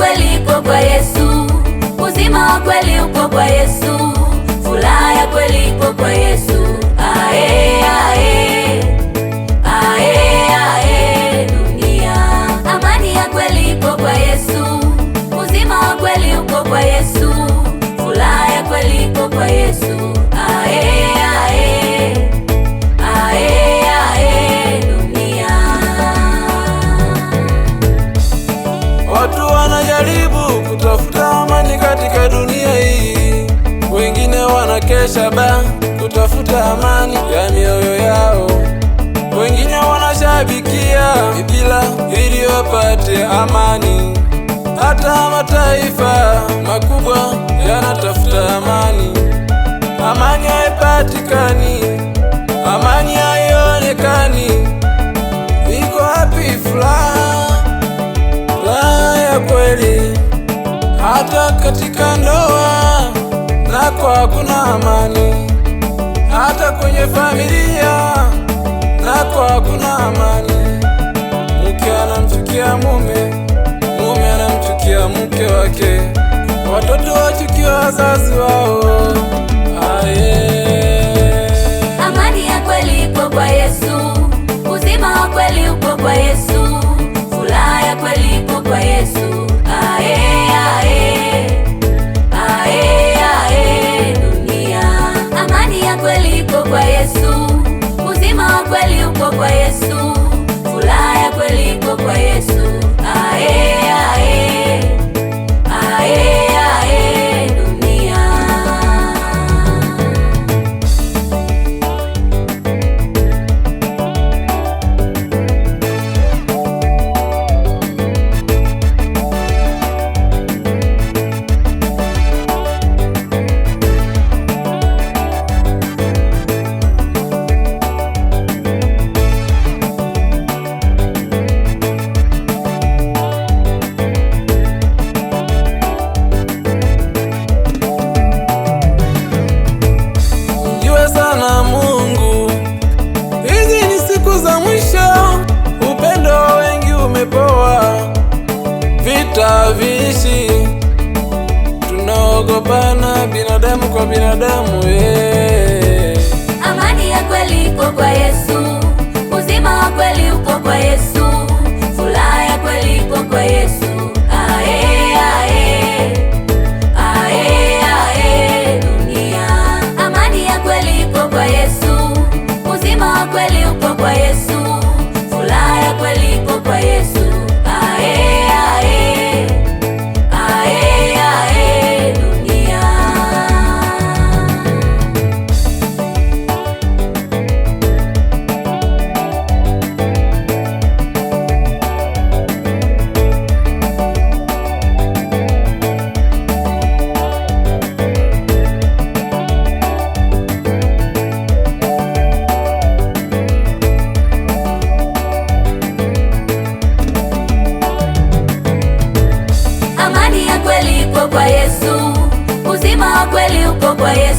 kweli uko kwa Yesu, uzima wa kweli uko jaribu kutafuta amani katika dunia hii, wengine wanakesha ba kutafuta amani ya mioyo yao, wengine wanashabikia bila ili wapate amani. Hata mataifa makubwa yanatafuta amani, amani haipatikani ya kweli hata katika ndoa, kwa kuna amani, hata kwenye familia, kwa kuna amani. Mke anamchukia mume, mume anamchukia mke wake, watoto wachukia wazazi wao. Aye. tumepoa, vita viishi tunaogopana binadamu kwa binadamu eh. Amani ya kweli ipo kwa Yesu, uzima wa kweli upo kwa Yesu. kweli uko kwa Yesu.